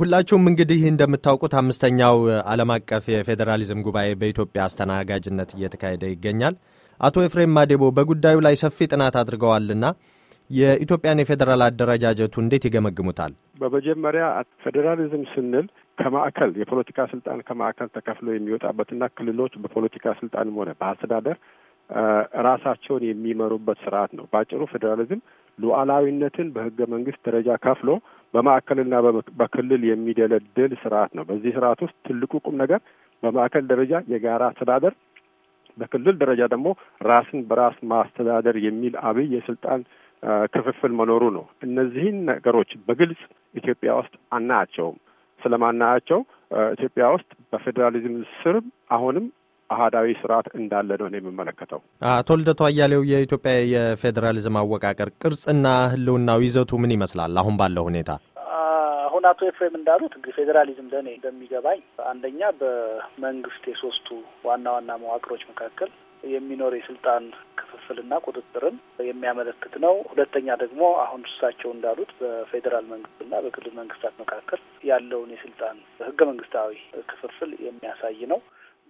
ሁላችሁም እንግዲህ እንደምታውቁት አምስተኛው ዓለም አቀፍ የፌዴራሊዝም ጉባኤ በኢትዮጵያ አስተናጋጅነት እየተካሄደ ይገኛል። አቶ ኤፍሬም ማዴቦ በጉዳዩ ላይ ሰፊ ጥናት አድርገዋልና የኢትዮጵያን የፌዴራል አደረጃጀቱ እንዴት ይገመግሙታል? በመጀመሪያ ፌዴራሊዝም ስንል ከማዕከል የፖለቲካ ስልጣን ከማዕከል ተከፍሎ የሚወጣበትና ክልሎች በፖለቲካ ስልጣንም ሆነ በአስተዳደር ራሳቸውን የሚመሩበት ስርዓት ነው። በአጭሩ ፌዴራሊዝም ሉዓላዊነትን በህገ መንግስት ደረጃ ከፍሎ በማዕከልና በክልል የሚደለድል ስርዓት ነው። በዚህ ስርዓት ውስጥ ትልቁ ቁም ነገር በማዕከል ደረጃ የጋራ አስተዳደር፣ በክልል ደረጃ ደግሞ ራስን በራስ ማስተዳደር የሚል አብይ የስልጣን ክፍፍል መኖሩ ነው። እነዚህን ነገሮች በግልጽ ኢትዮጵያ ውስጥ አናያቸውም። ስለማናያቸው ኢትዮጵያ ውስጥ በፌዴራሊዝም ስር አሁንም አህዳዊ ስርዓት እንዳለ ነው የምመለከተው። አቶ ልደቱ አያሌው፣ የኢትዮጵያ የፌዴራሊዝም አወቃቀር ቅርጽና ህልውናው ይዘቱ ምን ይመስላል አሁን ባለው ሁኔታ? አሁን አቶ ኤፍሬም እንዳሉት እንግዲህ ፌዴራሊዝም ለእኔ እንደሚገባኝ አንደኛ በመንግስት የሶስቱ ዋና ዋና መዋቅሮች መካከል የሚኖር የስልጣን ክፍፍልና ቁጥጥርን የሚያመለክት ነው። ሁለተኛ ደግሞ አሁን እሳቸው እንዳሉት በፌዴራል መንግስትና በክልል መንግስታት መካከል ያለውን የስልጣን ህገ መንግስታዊ ክፍፍል የሚያሳይ ነው።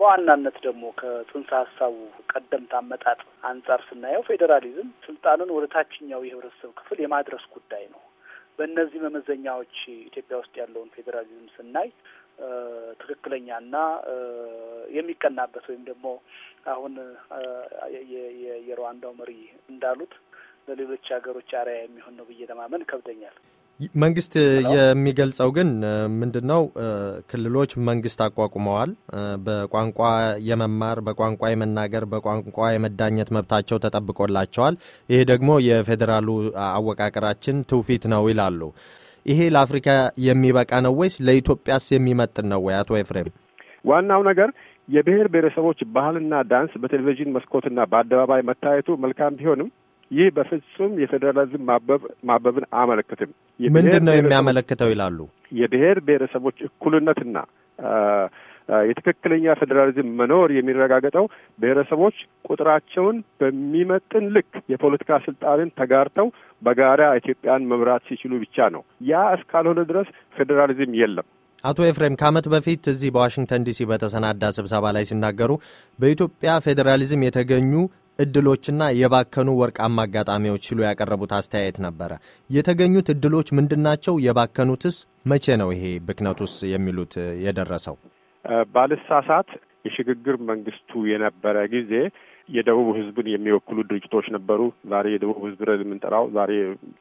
በዋናነት ደግሞ ከጽንሰ ሀሳቡ ቀደምት አመጣጥ አንጻር ስናየው ፌዴራሊዝም ስልጣንን ወደ ታችኛው የህብረተሰብ ክፍል የማድረስ ጉዳይ ነው። በእነዚህ መመዘኛዎች ኢትዮጵያ ውስጥ ያለውን ፌዴራሊዝም ስናይ ትክክለኛና የሚቀናበት ወይም ደግሞ አሁን የሩዋንዳው መሪ እንዳሉት ለሌሎች ሀገሮች አርአያ የሚሆን ነው ብዬ ለማመን ይከብደኛል። መንግስት የሚገልጸው ግን ምንድን ነው? ክልሎች መንግስት አቋቁመዋል። በቋንቋ የመማር በቋንቋ የመናገር በቋንቋ የመዳኘት መብታቸው ተጠብቆላቸዋል። ይሄ ደግሞ የፌዴራሉ አወቃቀራችን ትውፊት ነው ይላሉ። ይሄ ለአፍሪካ የሚበቃ ነው ወይስ ለኢትዮጵያስ የሚመጥን ነው ወይ? አቶ ኤፍሬም፣ ዋናው ነገር የብሔር ብሔረሰቦች ባህልና ዳንስ በቴሌቪዥን መስኮትና በአደባባይ መታየቱ መልካም ቢሆንም ይህ በፍጹም የፌዴራሊዝም ማበብን አያመለክትም። ምንድን ነው የሚያመለክተው ይላሉ። የብሔር ብሔረሰቦች እኩልነትና የትክክለኛ ፌዴራሊዝም መኖር የሚረጋገጠው ብሔረሰቦች ቁጥራቸውን በሚመጥን ልክ የፖለቲካ ስልጣንን ተጋርተው በጋራ ኢትዮጵያን መምራት ሲችሉ ብቻ ነው። ያ እስካልሆነ ድረስ ፌዴራሊዝም የለም። አቶ ኤፍሬም ከዓመት በፊት እዚህ በዋሽንግተን ዲሲ በተሰናዳ ስብሰባ ላይ ሲናገሩ በኢትዮጵያ ፌዴራሊዝም የተገኙ እድሎችና የባከኑ ወርቃማ አጋጣሚዎች ሲሉ ያቀረቡት አስተያየት ነበረ። የተገኙት እድሎች ምንድናቸው? የባከኑትስ መቼ ነው? ይሄ ብክነቱስ የሚሉት የደረሰው ባልሳሳት የሽግግር መንግስቱ የነበረ ጊዜ የደቡብ ህዝብን የሚወክሉ ድርጅቶች ነበሩ። ዛሬ የደቡብ ህዝብ ብለን የምንጠራው ዛሬ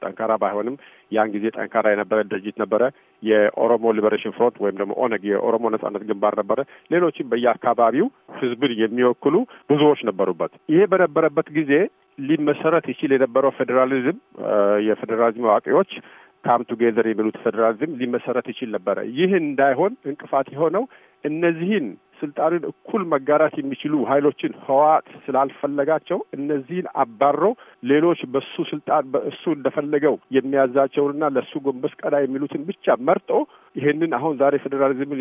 ጠንካራ ባይሆንም ያን ጊዜ ጠንካራ የነበረ ድርጅት ነበረ። የኦሮሞ ሊበሬሽን ፍሮንት ወይም ደግሞ ኦነግ፣ የኦሮሞ ነጻነት ግንባር ነበረ። ሌሎችም በየአካባቢው ህዝብን የሚወክሉ ብዙዎች ነበሩበት። ይሄ በነበረበት ጊዜ ሊመሰረት ይችል የነበረው ፌዴራሊዝም የፌዴራሊዝም አዋቂዎች ካም ቱጌዘር የሚሉት ፌዴራሊዝም ሊመሰረት ይችል ነበረ። ይህ እንዳይሆን እንቅፋት የሆነው እነዚህን ስልጣንን እኩል መጋራት የሚችሉ ኃይሎችን ህወሓት ስላልፈለጋቸው እነዚህን አባሮ ሌሎች በሱ ስልጣን በእሱ እንደፈለገው የሚያዛቸውንና ለእሱ ጎንበስ ቀና የሚሉትን ብቻ መርጦ ይህንን አሁን ዛሬ ፌዴራሊዝም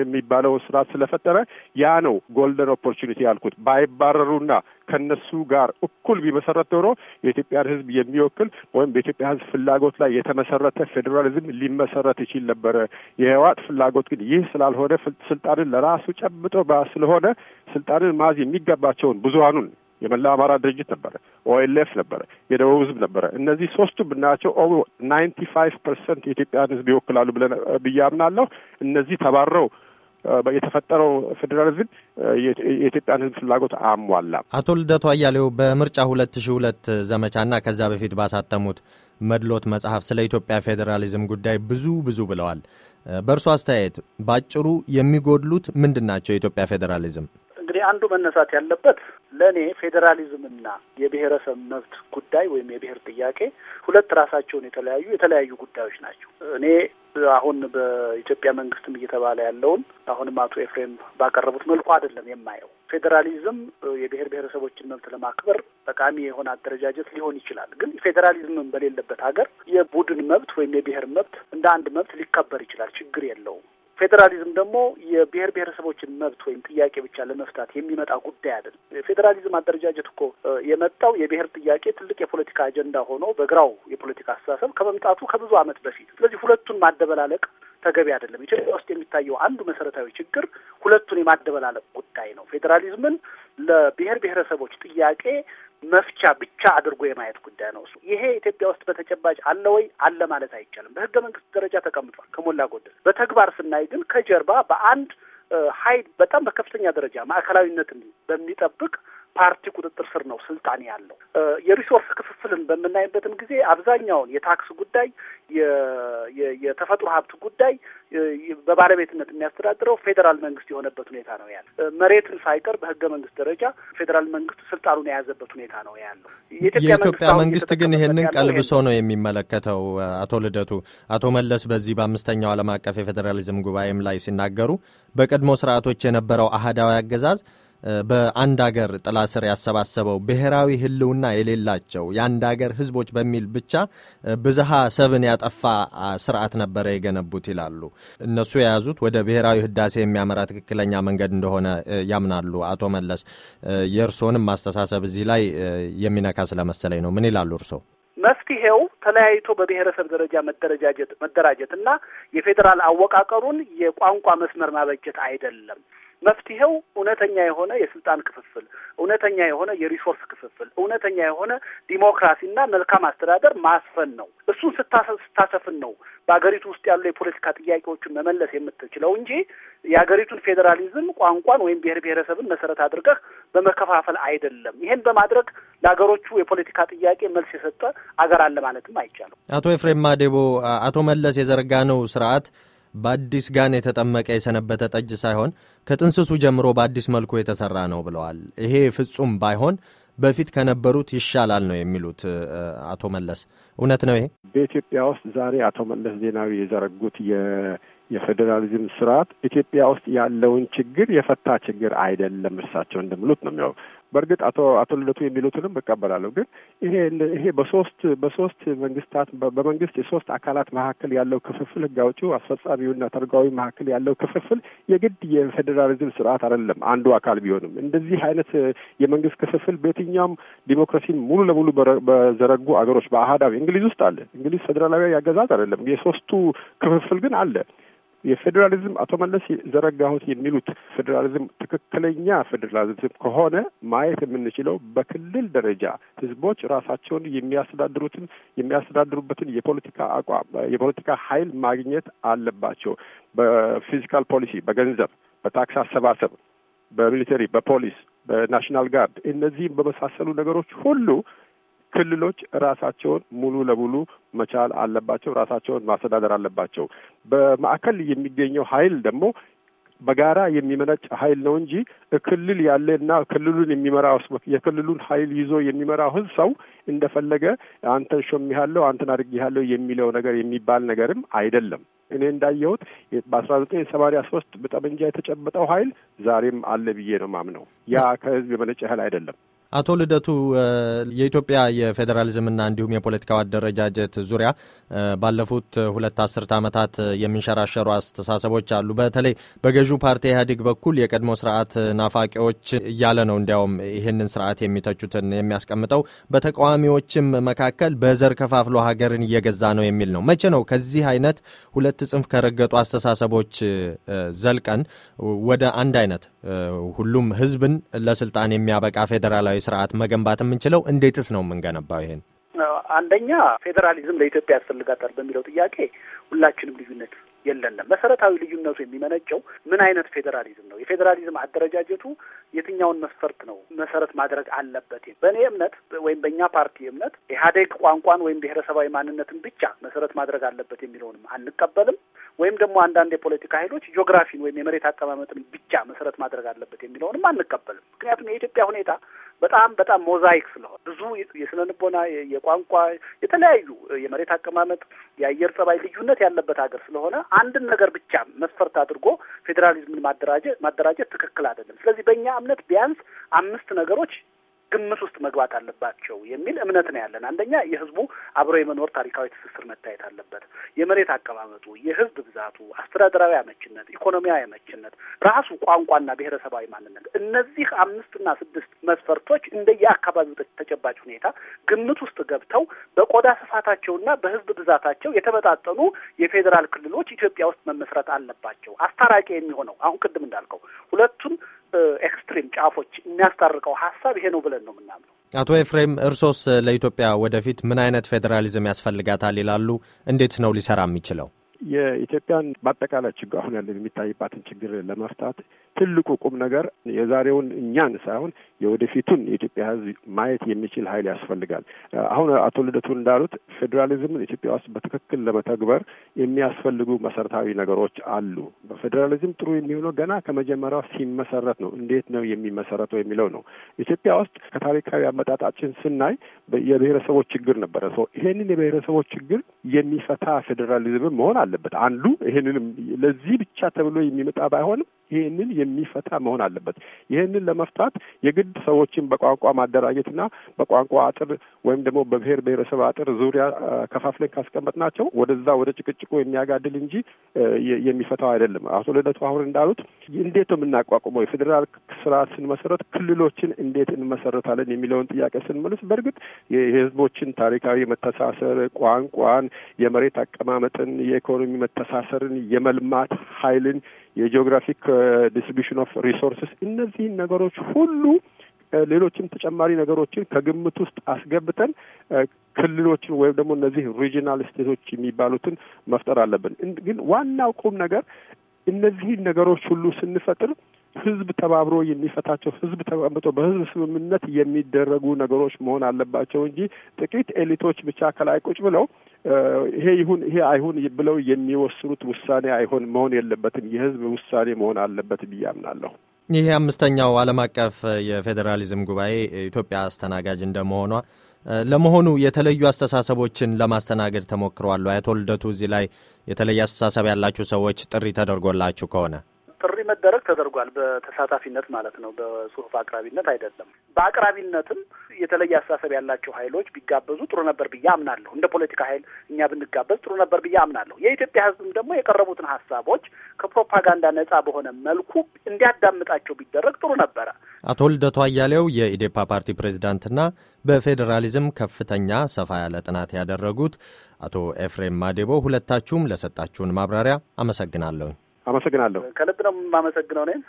የሚባለውን ስርዓት ስለፈጠረ ያ ነው ጎልደን ኦፖርቹኒቲ ያልኩት። ባይባረሩና ከነሱ ጋር እኩል ቢመሰረት ኖሮ የኢትዮጵያን ሕዝብ የሚወክል ወይም በኢትዮጵያ ሕዝብ ፍላጎት ላይ የተመሰረተ ፌዴራሊዝም ሊመሰረት ይችል ነበረ። የህወሓት ፍላጎት ግን ይህ ስላልሆነ ስልጣንን ለራሱ ጨብጦ ስለሆነ ስልጣንን ማዝ የሚገባቸውን ብዙሀኑን የመላ አማራ ድርጅት ነበረ፣ ኦኤልኤፍ ነበረ፣ የደቡብ ህዝብ ነበረ። እነዚህ ሶስቱ ብናያቸው ኦ ናይንቲ ፋይቭ ፐርሰንት የኢትዮጵያን ህዝብ ይወክላሉ ብለ ብዬ አምናለሁ። እነዚህ ተባረው የተፈጠረው ፌዴራሊዝም የኢትዮጵያን ህዝብ ፍላጎት አሟላም። አቶ ልደቱ አያሌው በምርጫ ሁለት ሺ ሁለት ዘመቻና ከዛ በፊት ባሳተሙት መድሎት መጽሐፍ ስለ ኢትዮጵያ ፌዴራሊዝም ጉዳይ ብዙ ብዙ ብለዋል። በእርሱ አስተያየት በአጭሩ የሚጎድሉት ምንድን ናቸው የኢትዮጵያ ፌዴራሊዝም? አንዱ መነሳት ያለበት ለእኔ ፌዴራሊዝምና የብሔረሰብ መብት ጉዳይ ወይም የብሔር ጥያቄ ሁለት ራሳቸውን የተለያዩ የተለያዩ ጉዳዮች ናቸው። እኔ አሁን በኢትዮጵያ መንግስትም እየተባለ ያለውን አሁንም አቶ ኤፍሬም ባቀረቡት መልኩ አይደለም የማየው። ፌዴራሊዝም የብሔር ብሔረሰቦችን መብት ለማክበር ጠቃሚ የሆነ አደረጃጀት ሊሆን ይችላል። ግን ፌዴራሊዝምም በሌለበት ሀገር የቡድን መብት ወይም የብሔር መብት እንደ አንድ መብት ሊከበር ይችላል። ችግር የለውም። ፌዴራሊዝም ደግሞ የብሔር ብሔረሰቦችን መብት ወይም ጥያቄ ብቻ ለመፍታት የሚመጣ ጉዳይ አይደለም። የፌዴራሊዝም አደረጃጀት እኮ የመጣው የብሔር ጥያቄ ትልቅ የፖለቲካ አጀንዳ ሆኖ በግራው የፖለቲካ አስተሳሰብ ከመምጣቱ ከብዙ ዓመት በፊት። ስለዚህ ሁለቱን ማደበላለቅ ተገቢ አይደለም። ኢትዮጵያ ውስጥ የሚታየው አንዱ መሰረታዊ ችግር ሁለቱን የማደበላለቅ ጉዳይ ነው። ፌዴራሊዝምን ለብሔር ብሔረሰቦች ጥያቄ መፍቻ ብቻ አድርጎ የማየት ጉዳይ ነው። እሱ ይሄ ኢትዮጵያ ውስጥ በተጨባጭ አለ ወይ? አለ ማለት አይቻልም። በህገ መንግስት ደረጃ ተቀምጧል ከሞላ ጎደል። በተግባር ስናይ ግን ከጀርባ በአንድ ሀይል በጣም በከፍተኛ ደረጃ ማዕከላዊነትን በሚጠብቅ ፓርቲ ቁጥጥር ስር ነው ስልጣን ያለው። የሪሶርስ ክፍፍልን በምናይበትም ጊዜ አብዛኛውን የታክስ ጉዳይ የተፈጥሮ ሀብት ጉዳይ በባለቤትነት የሚያስተዳድረው ፌዴራል መንግስት የሆነበት ሁኔታ ነው ያለ። መሬትን ሳይቀር በህገ መንግስት ደረጃ ፌዴራል መንግስት ስልጣኑን የያዘበት ሁኔታ ነው ያለው። የኢትዮጵያ መንግስት ግን ይህንን ቀልብሶ ነው የሚመለከተው። አቶ ልደቱ፣ አቶ መለስ በዚህ በአምስተኛው ዓለም አቀፍ የፌዴራሊዝም ጉባኤም ላይ ሲናገሩ በቀድሞ ስርዓቶች የነበረው አህዳዊ አገዛዝ በአንድ አገር ጥላ ስር ያሰባሰበው ብሔራዊ ህልውና የሌላቸው የአንድ አገር ህዝቦች በሚል ብቻ ብዝሃ ሰብን ያጠፋ ስርዓት ነበረ የገነቡት ይላሉ። እነሱ የያዙት ወደ ብሔራዊ ህዳሴ የሚያመራ ትክክለኛ መንገድ እንደሆነ ያምናሉ። አቶ መለስ የእርስዎንም ማስተሳሰብ እዚህ ላይ የሚነካ ስለመሰለኝ ነው። ምን ይላሉ እርስዎ? መፍትሄው ተለያይቶ በብሔረሰብ ደረጃ መደረጃጀት መደራጀት እና የፌዴራል አወቃቀሩን የቋንቋ መስመር ማበጀት አይደለም። መፍትሄው እውነተኛ የሆነ የስልጣን ክፍፍል፣ እውነተኛ የሆነ የሪሶርስ ክፍፍል፣ እውነተኛ የሆነ ዲሞክራሲና መልካም አስተዳደር ማስፈን ነው። እሱን ስታሰፍን ነው በሀገሪቱ ውስጥ ያሉ የፖለቲካ ጥያቄዎችን መመለስ የምትችለው እንጂ የሀገሪቱን ፌዴራሊዝም ቋንቋን ወይም ብሔር ብሔረሰብን መሰረት አድርገህ በመከፋፈል አይደለም። ይሄን በማድረግ ለሀገሮቹ የፖለቲካ ጥያቄ መልስ የሰጠ አገር አለ ማለትም አይቻልም። አቶ ኤፍሬም ማዴቦ፣ አቶ መለስ የዘረጋ ነው ስርዓት በአዲስ ጋን የተጠመቀ የሰነበተ ጠጅ ሳይሆን ከጥንስሱ ጀምሮ በአዲስ መልኩ የተሰራ ነው ብለዋል። ይሄ ፍጹም ባይሆን በፊት ከነበሩት ይሻላል ነው የሚሉት አቶ መለስ። እውነት ነው ይሄ? በኢትዮጵያ ውስጥ ዛሬ አቶ መለስ ዜናዊ የዘረጉት የፌዴራሊዝም ስርዓት ኢትዮጵያ ውስጥ ያለውን ችግር የፈታ ችግር አይደለም። እርሳቸው እንደምሉት ነው የሚያው በእርግጥ አቶ አቶ ልደቱ የሚሉትንም እቀበላለሁ። ግን ይሄ ይሄ በሶስት በሶስት መንግስታት በመንግስት የሶስት አካላት መካከል ያለው ክፍፍል ህግ አውጪው አስፈጻሚውና ተርጓዊ መካከል ያለው ክፍፍል የግድ የፌዴራሊዝም ስርዓት አይደለም። አንዱ አካል ቢሆንም እንደዚህ አይነት የመንግስት ክፍፍል በየትኛውም ዲሞክራሲን ሙሉ ለሙሉ በዘረጉ አገሮች በአህዳዊ እንግሊዝ ውስጥ አለ። እንግሊዝ ፌዴራላዊ አገዛዝ አይደለም። የሶስቱ ክፍፍል ግን አለ። የፌዴራሊዝም አቶ መለስ ዘረጋሁት የሚሉት ፌዴራሊዝም ትክክለኛ ፌዴራሊዝም ከሆነ ማየት የምንችለው በክልል ደረጃ ህዝቦች ራሳቸውን የሚያስተዳድሩትን የሚያስተዳድሩበትን የፖለቲካ አቋም የፖለቲካ ኃይል ማግኘት አለባቸው። በፊዚካል ፖሊሲ፣ በገንዘብ፣ በታክስ አሰባሰብ፣ በሚሊተሪ፣ በፖሊስ፣ በናሽናል ጋርድ እነዚህም በመሳሰሉ ነገሮች ሁሉ ክልሎች ራሳቸውን ሙሉ ለሙሉ መቻል አለባቸው። ራሳቸውን ማስተዳደር አለባቸው። በማዕከል የሚገኘው ኃይል ደግሞ በጋራ የሚመነጭ ኃይል ነው እንጂ ክልል ያለ እና ክልሉን የሚመራው የክልሉን ኃይል ይዞ የሚመራው ህዝብ ሰው እንደፈለገ አንተን ሾሜሃለሁ፣ አንተን አድርጌሃለሁ የሚለው ነገር የሚባል ነገርም አይደለም። እኔ እንዳየሁት በአስራ ዘጠኝ ሰማንያ ሶስት በጠመንጃ የተጨበጠው ኃይል ዛሬም አለ ብዬ ነው ማምነው። ያ ከህዝብ የመነጨ ኃይል አይደለም። አቶ ልደቱ የኢትዮጵያ የፌዴራሊዝምና እንዲሁም የፖለቲካው አደረጃጀት ዙሪያ ባለፉት ሁለት አስርት ዓመታት የሚንሸራሸሩ አስተሳሰቦች አሉ። በተለይ በገዢው ፓርቲ ኢህአዴግ በኩል የቀድሞ ስርዓት ናፋቂዎች እያለ ነው እንዲያውም ይህንን ስርዓት የሚተቹትን የሚያስቀምጠው። በተቃዋሚዎችም መካከል በዘር ከፋፍሎ ሀገርን እየገዛ ነው የሚል ነው። መቼ ነው ከዚህ አይነት ሁለት ጽንፍ ከረገጡ አስተሳሰቦች ዘልቀን ወደ አንድ አይነት ሁሉም ህዝብን ለስልጣን የሚያበቃ ፌዴራላዊ ዲሞክራሲያዊ ስርዓት መገንባት የምንችለው? እንዴትስ ነው የምንገነባው ይሄን? አንደኛ ፌዴራሊዝም ለኢትዮጵያ ያስፈልጋታል በሚለው ጥያቄ ሁላችንም ልዩነት የለንም። መሰረታዊ ልዩነቱ የሚመነጨው ምን አይነት ፌዴራሊዝም ነው? የፌዴራሊዝም አደረጃጀቱ የትኛውን መስፈርት ነው መሰረት ማድረግ አለበት? በእኔ እምነት ወይም በእኛ ፓርቲ እምነት ኢህአዴግ ቋንቋን ወይም ብሔረሰባዊ ማንነትን ብቻ መሰረት ማድረግ አለበት የሚለውንም አንቀበልም። ወይም ደግሞ አንዳንድ የፖለቲካ ኃይሎች ጂኦግራፊን ወይም የመሬት አቀማመጥን ብቻ መሰረት ማድረግ አለበት የሚለውንም አንቀበልም። ምክንያቱም የኢትዮጵያ ሁኔታ በጣም በጣም ሞዛይክ ስለሆነ ብዙ የስነ ልቦና፣ የቋንቋ፣ የተለያዩ የመሬት አቀማመጥ፣ የአየር ጸባይ ልዩነት ያለበት ሀገር ስለሆነ አንድን ነገር ብቻ መስፈርት አድርጎ ፌዴራሊዝምን ማደራጀት ማደራጀት ትክክል አይደለም። ስለዚህ በእኛ እምነት ቢያንስ አምስት ነገሮች ግምት ውስጥ መግባት አለባቸው የሚል እምነት ነው ያለን። አንደኛ የህዝቡ አብሮ የመኖር ታሪካዊ ትስስር መታየት አለበት። የመሬት አቀማመጡ፣ የህዝብ ብዛቱ፣ አስተዳደራዊ አመችነት፣ ኢኮኖሚያዊ አመችነት፣ ራሱ ቋንቋና ብሔረሰባዊ ማንነት፣ እነዚህ አምስትና ስድስት መስፈርቶች እንደየአካባቢው ተጨባጭ ሁኔታ ግምት ውስጥ ገብተው በቆዳ ስፋታቸውና በህዝብ ብዛታቸው የተመጣጠኑ የፌዴራል ክልሎች ኢትዮጵያ ውስጥ መመስረት አለባቸው። አስታራቂ የሚሆነው አሁን ቅድም እንዳልከው ሁለቱን ኤክስትሪም ጫፎች የሚያስታርቀው ሀሳብ ይሄ ነው ብለን ነው የምናምነው። አቶ ኤፍሬም እርሶስ ለኢትዮጵያ ወደፊት ምን አይነት ፌዴራሊዝም ያስፈልጋታል ይላሉ? እንዴት ነው ሊሰራ የሚችለው? የኢትዮጵያን በአጠቃላይ ችግር አሁን ያለን የሚታይባትን ችግር ለመፍታት ትልቁ ቁም ነገር የዛሬውን እኛን ሳይሆን የወደፊቱን የኢትዮጵያ ሕዝብ ማየት የሚችል ኃይል ያስፈልጋል። አሁን አቶ ልደቱ እንዳሉት ፌዴራሊዝምን ኢትዮጵያ ውስጥ በትክክል ለመተግበር የሚያስፈልጉ መሰረታዊ ነገሮች አሉ። በፌዴራሊዝም ጥሩ የሚሆነው ገና ከመጀመሪያው ሲመሰረት ነው። እንዴት ነው የሚመሰረተው የሚለው ነው። ኢትዮጵያ ውስጥ ከታሪካዊ አመጣጣችን ስናይ የብሔረሰቦች ችግር ነበረ። ሰው ይሄንን የብሔረሰቦች ችግር የሚፈታ ፌዴራሊዝም መሆን አለበት። አንዱ ይህንንም ለዚህ ብቻ ተብሎ የሚመጣ ባይሆንም ይህንን የሚፈታ መሆን አለበት። ይህንን ለመፍታት የግድ ሰዎችን በቋንቋ ማደራጀትና በቋንቋ አጥር ወይም ደግሞ በብሔር ብሔረሰብ አጥር ዙሪያ ከፋፍለን ካስቀመጥናቸው ወደዛ ወደ ጭቅጭቁ የሚያጋድል እንጂ የሚፈታው አይደለም። አቶ ልደቱ አሁን እንዳሉት እንዴት ነው የምናቋቁመው? የፌዴራል ስርዓት ስንመሰረት ክልሎችን እንዴት እንመሰረታለን የሚለውን ጥያቄ ስንመልስ በእርግጥ የህዝቦችን ታሪካዊ መተሳሰር፣ ቋንቋን፣ የመሬት አቀማመጥን፣ የኢኮኖሚ መተሳሰርን፣ የመልማት ኃይልን የጂኦግራፊክ ዲስትሪቢሽን ኦፍ ሪሶርስስ እነዚህን ነገሮች ሁሉ ሌሎችም ተጨማሪ ነገሮችን ከግምት ውስጥ አስገብተን ክልሎችን ወይም ደግሞ እነዚህ ሪጂናል ስቴቶች የሚባሉትን መፍጠር አለብን። ግን ዋናው ቁም ነገር እነዚህን ነገሮች ሁሉ ስንፈጥር ህዝብ ተባብሮ የሚፈታቸው ህዝብ ተቀምጦ በህዝብ ስምምነት የሚደረጉ ነገሮች መሆን አለባቸው እንጂ ጥቂት ኤሊቶች ብቻ ከላይ ቁጭ ብለው ይሄ ይሁን ይሄ አይሁን ብለው የሚወስኑት ውሳኔ አይሆን መሆን የለበትም። የህዝብ ውሳኔ መሆን አለበት ብዬ አምናለሁ። ይህ አምስተኛው ዓለም አቀፍ የፌዴራሊዝም ጉባኤ ኢትዮጵያ አስተናጋጅ እንደመሆኗ ለመሆኑ የተለዩ አስተሳሰቦችን ለማስተናገድ ተሞክሯል? አቶ ልደቱ፣ እዚህ ላይ የተለየ አስተሳሰብ ያላችሁ ሰዎች ጥሪ ተደርጎላችሁ ከሆነ ጥሪ መደረግ ተደርጓል። በተሳታፊነት ማለት ነው፣ በጽሁፍ አቅራቢነት አይደለም። በአቅራቢነትም የተለየ አስተሳሰብ ያላቸው ኃይሎች ቢጋበዙ ጥሩ ነበር ብዬ አምናለሁ። እንደ ፖለቲካ ኃይል እኛ ብንጋበዝ ጥሩ ነበር ብዬ አምናለሁ። የኢትዮጵያ ሕዝብም ደግሞ የቀረቡትን ሀሳቦች ከፕሮፓጋንዳ ነጻ በሆነ መልኩ እንዲያዳምጣቸው ቢደረግ ጥሩ ነበረ። አቶ ልደቱ አያሌው የኢዴፓ ፓርቲ ፕሬዚዳንትና በፌዴራሊዝም ከፍተኛ ሰፋ ያለ ጥናት ያደረጉት አቶ ኤፍሬም ማዴቦ፣ ሁለታችሁም ለሰጣችሁን ማብራሪያ አመሰግናለሁኝ። አመሰግናለሁ። ከልብ ነው የማመሰግነው እኔም